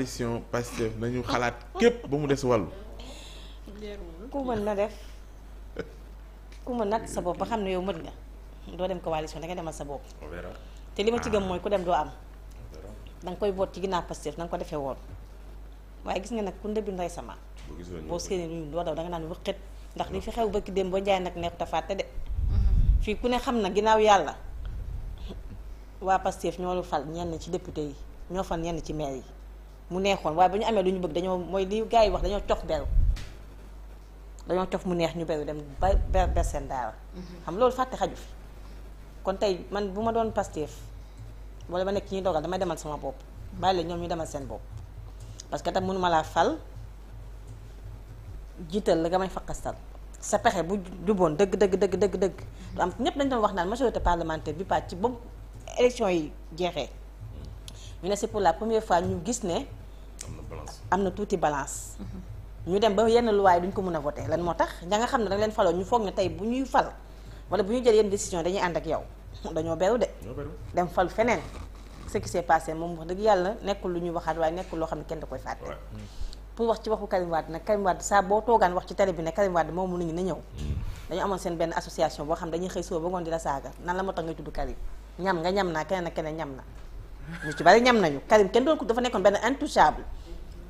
coalition Pastef nañu xalaat képp ba mu des wàllu. ku mën na def ku mën nag sa bopp xam ne yow mën nga doo dem coalition da nga demal sa bopp. te li ma ci gëm ah. mooy ku dem doo am. da koy boot ci ginnaaw Pastef na nga ko defee woon waaye gis nga nag ku ndëbbi ndoy sama. boo séenee lu doo daw da nga naan wëqet ndax li fi xew bëkki dem ba njaay nag neexut a fàtte de. Mm-hmm. fii ku ne xam na ginnaaw yàlla waa Pastef ñoo lu fal ñenn ci député yi ñoo fal ñenn ci maire yi. mu neexoon waaye ba ñu amee lu ñu bëgg dañoo mooy li gars yi wax dañoo cof beru dañoo cof mu neex ñu beru dem ba ber ber seen daara mhm. xam loolu fàtte xaju fi kon tey man bu ma doon Pastef wala ma nekk ci ñuy dogal damay demal sama bopp bàyyi la ñoom ñu demal seen bopp parce que tam mënuma laa fal jiital la nga may faqastal sa pexe bu juboon dëgg dëgg dëgg dëgg dëgg du mhm. am dañ doon wax naan majorité parlementaire bi pàcc ci boobu élection yi jeexee mhm. ñu ne c'est pour la première fois ñu gis ne am na tuuti balance ñu dem ba yenn luwaay duñ ko mën a voté lan moo tax ña nga xam ne da nga leen faloon ñu foog ne tey bu ñuy fal wala bu ñuy jël yenn décision dañuy ànd ak yow dañoo beru de dem fal feneen ce qui s'est passé moom wax dëgg yàlla nekkul lu ñuy waxaat waaye nekkul loo xam ne kenn da koy fàtte mm. pour wax wax ci télé bi na ñëw mm. dañu amoon boo xam dañuy xëy suba ba ngoon di la saaga nan la moo tax ngay tudd Karim ñam nga ñam naa keneen ak keneen ñam na ñu ci bari ñam nañu Karim kenn doon ko dafa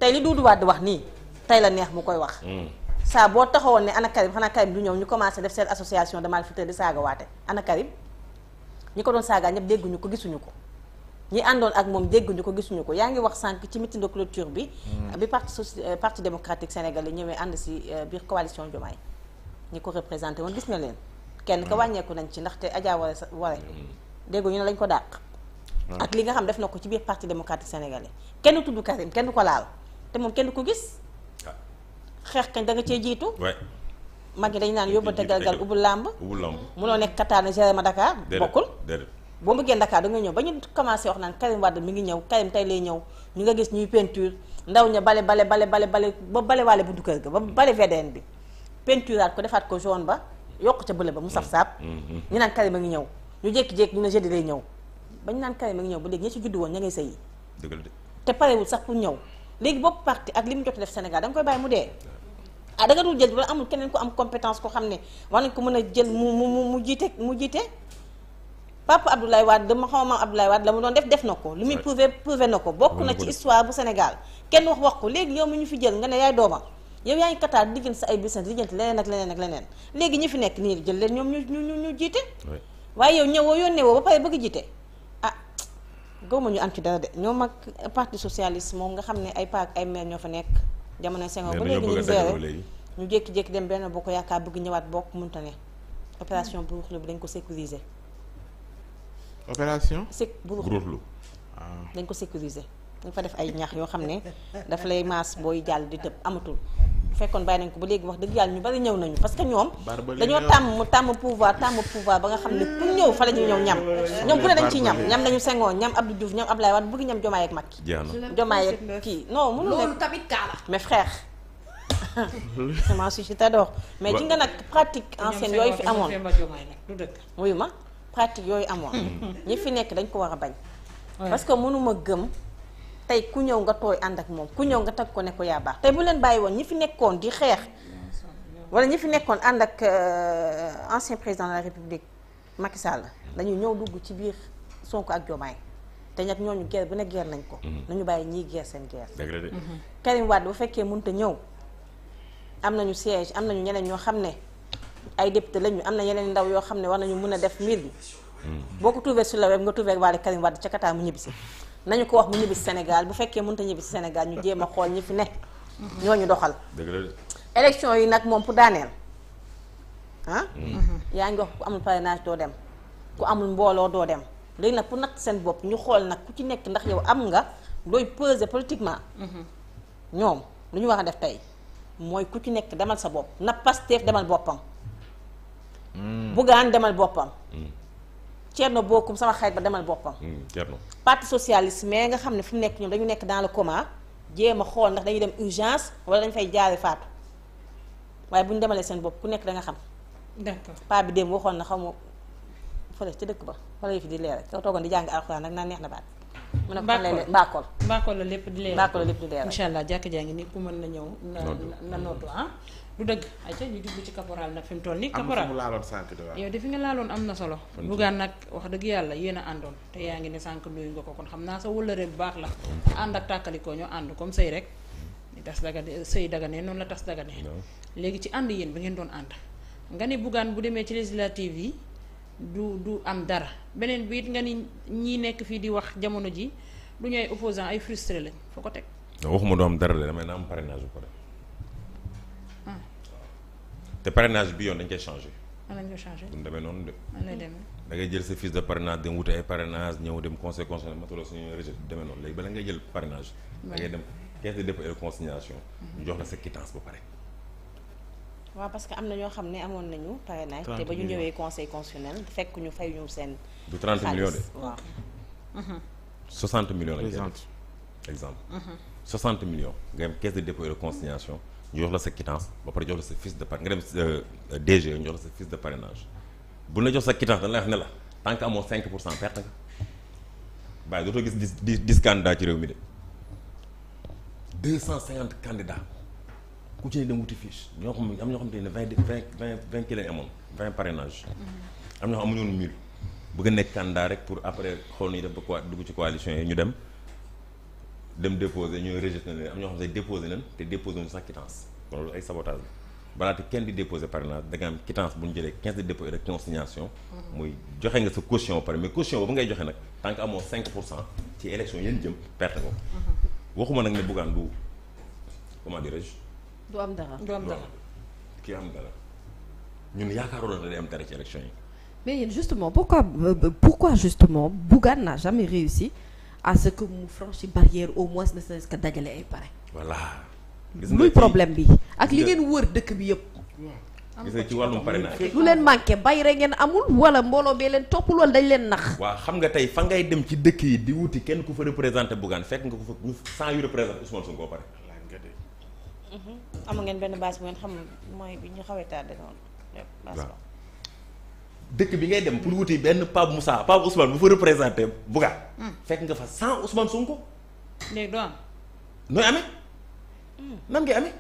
tey li Doudou di wax nii tey la neex mu koy wax. Hmm. saa boo taxawoon ne ana Karim xanaa Karim du ñëw ñu commencé def seen association de malfaiteurs di saaga waate ana ñi ko doon saagaa ñëpp dégguñu ko gisuñu ko. ñi àndoon ak moom dégguñu ko gisuñu ko yaa ngi wax sànq ci meeting de clôture bi. Hmm. bi parti soci euh, parti démocratique sénégalais ñëwee ànd si euh, biir coalition Diomaye ñi ko représenté woon gis na leen. kenn ka hmm. wàññeeku nañ ci ndaxte Adja Ware Ware ñu ne lañ ko dàq. ak li nga xam def na ko ci biir parti démocratique sénégalais kenn tudd Karim kenn ko laal. te moom kenn ko gis. Ah. xeex kañ da nga cee jiitu. mag yi dañu naan yóbbante galgal ubbu làmb ubbu làmb noo nekk Qatar géré ma Dakar bokkul boo bëggee Dakar da nga ñëw ba ñu commencé wax naan Karim Wade mi ngi ñëw Karim tey lay ñëw ñu nga gis ñuy peinture ndaw ña bale bale bale bale bale ba bale waale buntu kër ga ba bale VDN bi peinturaat ko defaat ko jaune ba yokk ca ba mu saf saab mm, mm, mm, ñu naan Karim ngi ñëw ñu jékki-jékki ñu ne jeudi lay ñëw ba ñu naan Karim a ngi ñëw ba léegi ña ci juddu woon ña ngay sëyi te parewul sax pour ñëw léegi bopp parti ak li mu jot def Sénégal da nga koy bàyyi mu dee ah da nga dul jël wala amul keneen ku am compétence ko xam ne war nañ ko mën a jël mu mu mu jiite mu jiite papa Abdoulaye Wade dama xaw ma Abdoulaye Wade la mu doon def def na ko lu muy prouvé prouvé na ko bokk na ci histoire bu Sénégal kenn wax wax ko léegi yow mi ñu fi jël nga ne yaay doomam yow yaa ngi kataar diggante sa ay business diggante leneen ak leneen ak leneen léegi ñu fi nekk nii jël leen ñoom ñu ñu ñu jiite waaye yow ñëwoo yónnee woo ba pare bëgg jiite gëwma ñu am ci dara de ñoom ak parti socialist moom nga xam ne ay paak ay maire ñoo fa nekk jamono Senghor ba léegi ñu géré ñu jékki-jékki dem benn boo ko yaakaar bëgg ñëwaat bokk mënta ne opération buruxlu bi dañ ko sécuriser opération sec buruxlu ah. dañ ko sécuriser dañ fa def ay ñax yoo xam ne daf lay maas booy jàll di tëb amatul fekkoon bàyyi nañ ko ba léegi wax dëgg yàlla ñu bari ñëw nañu parce que ñoom dañoo tàmm tàmm pouvoir tàmm pouvoir ba nga xam ne ku ñëw fa la ñuy ñëw ñam ñoom bu ne dañ ciy ñam ñam nañu Senghor ñam Abdou Diouf ñam Abdoulaye Wade bëgg ñam Diomaye ak Macky Diomaye ak kii non mënul nekk loolu tamit kaa la mais frère semence si t'adore mais ci nag pratique ancienne yooyu fi amoon wuyu ma pratique yooyu amoon hmm. ñi fi nekk dañ ko war a bañ parce mënuma gëm tey ku ñëw nga tooy ànd ak moom ku ñëw nga tag ko ne ko yaa baax tey bu leen bàyyi woon ñi fi nekkoon di xeex wala ñi fi nekkoon ànd ak euh, ancien président de la république Macky la dañuy ñëw dugg ci biir Sonko ak Diomaye te nag ñooñu guerre bu ne guerre nañ ko mm-hmm. nañu bàyyi ñiy guerre seen guerre mm-hmm. Karim Wade bu fekkee mënta ñëw am nañu siège am nañu ñeneen ñoo xam ne ay député lañu am na yeneen ndaw yoo xam ne war nañu mën a def mbir bi mm-hmm. boo ko trouvé sur le web nga trouvé waale Karim Wade ca nañu ko wax mu ñibbi Sénégal bu fekkee mënut a ñibbi Sénégal ñu jéem a xool ñi fi ne. ñooñu doxal. dëgg yi nag moom pour daaneel ah. Mm. Mm-hmm. yaa ngi wax ku amul parrainage doo dem ku amul mbooloo doo dem léegi nag pour nag seen bopp ñu xool nag ku ci nekk ndax yow am nga looy peser politiquement. Mm-hmm. ñoom lu ñu wax a def tey mooy ku ci nekk demal sa bopp na Pastef demal boppam. Mm. Bougane demal boppam. Mm. Thierno Bocoum sama xarit ba demal boppam. Mm, Thierno parti socialist mais nga xam ne fu mu nekk ñoom dañu nekk dans la coma jéema a xool ndax dañuy dem urgence wala dañ fay jaare faatu waaye buñ ñu demalee seen bopp ku nekk da nga xam. d'accord paa bi dem waxoon na xaw ma fële ca dëkk ba wala yu fi di leeral soo toogoon di jàng alxuraan nag naan neex na baat. mu ne ko xam ne bàkkool bàkkool lépp di leer bàkkool lépp di leer incha allah jàkk jaa ngi ku mën na ñëw na na nootu ah. du dëgg ayca fi mu toll nii caporal yow defi nga laaloon am na solo bugaan nag wax dëgg yàlla a àndoon ko kon xam naa sa wëllëre bu baax la ànd ak tàkkalikoo ñoo ànd comme sëy rek tas dagane sëy noonu la tas dagane léegi ci ànd yéen ba ngeen doon ànd nga ne bugaan bu demee ci législative yi du du am dara beneen biit it nga ni ñi nekk fii di wax jamono ji du ñu ay opposant ay frustré lañ foo ko teg. waxuma du am dara de damay naa am parrainage bu ko def. Ah. te parrainage bi yoon dañ koy changé. lan la ñu changé bu ñu demee noonu de. lan lay demee da ngay jël sa fiche de parrainage dem wute ay parrainage ñëw dem conseil constitutionnel matuloo suñu rejet bi demee noonu léegi bala ngay jël parrainage. da ngay dem caisse de dépôt et consignation. Mhm. jox la sa quittance ba pare. waaw parce que am na ñoo xam ne amoon nañu parrainage te ba ñu ñëwee conseil constitutionnel fekk ñu fay ñu seen. du 30 millions de. waaw. 60 mhm. millions lañ koy exemple. 60 mhm. millions nga dem caisse de dépôt et de ñu jox la sa quittance ba pare jox la sa fiche de par nga dem euh, DG ñu jox la sa fiche de parrainage bu la jox sa quittance dañ la wax ne la tant que amoo 5 pour cent perte nga bàyyi dootoo gis dis 10 candidats ci réew mi de 250 candidats. ku ci ne dem wuti fiche ñoo xam am ñoo xamante ne vingt vingt vingt kii lañ amoon vingt parrainage mm-hmm. am ñoo xam amuñu woon mille nekk candidat rek pour après xool nañu def ba ko dugg ci coalition yi ñu dem dem déposer ñooy rejeté na leen am ñoo bu ñu jëlee quinze de dépôt rek consignation mm-hmm. muy joxe nga sa caution ba pare mais caution boobu ngay joxe nag tant que amoo cinq pour ci élection yéen jëm perte ko mm-hmm. waxuma nag ne buggaan du comment dirais-je du am dara du am dara kii am dara ñun yaakaaroon na day am dara ci élection yi. mais yéen justement pourquoi euh, pourquoi justement Bougane n'a jamais réussi à ce que mu franchi barrière au moins ne serait-ce que dajale ay pare. voilà. luy problème bi ak li ngeen wër dëkk bi yëpp. gis nga ci wàllum parrainage lu leen manqué bay rek ngeen amul wala mbooloo bee leen topp loolu dañ leen nax. waaw xam nga tey fa ngay dem ci dëkk yi di wuti kenn ku fa représenté Bougane fekk nga ko fa sans yu représenté Ousmane Sonko ba Mm-hmm. amu ngeen benn base bu ngeen xam mooy bi ñu xaw a tardé noonu. dëkk bi ngay dem pour wuti benn Pape Moussa Pape Ousmane bu fa représenté Bouga. Mm. fekk nga fa sans Ousmane Sonko. léegi doo am. Mm. nan ngay amee.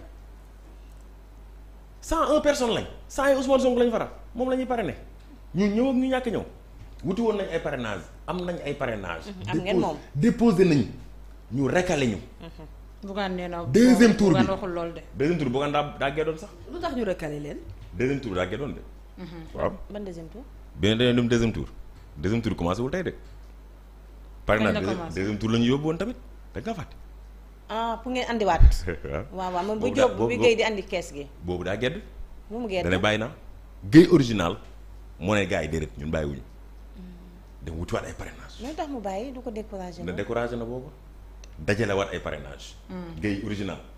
cent un personne lañ cent yi Ousmane Sonko lañ faral moom la ñuy parrainé ñu ñëw ak ñu ñàkk ñëw wuti woon nañ ay parrainage am nañ ay parrainage mm-hmm. am ngeen moom déposé nañ ñu recalé ñu mm-hmm. Bougane nee na deuxième tour bi waxul lool de. deuxième tour Bougane daa daa gëddoon sax. lu tax ñu recalé leen. deuxième tour daa gëddoon de. Mhm. waaw ban deuxième tour. bien dañoo dem deuxième tour deuxième deuxième tour la ñu yóbbu woon tamit da nga fàtte. ah pour ngeen andiwaat. waaw waaw man bu jóg bu géey di andi kees gi. boobu daa gedd. mu mu gedd da bàyyi naa. géey original moo ne gars yi déedéet ñun bàyyi wuñu. Mm. dem wutiwaat ay parrainage. loolu tax mu bàyyi du ko découragé na. na découragé na boobu. dajalewaat ay parrainage mm. gay original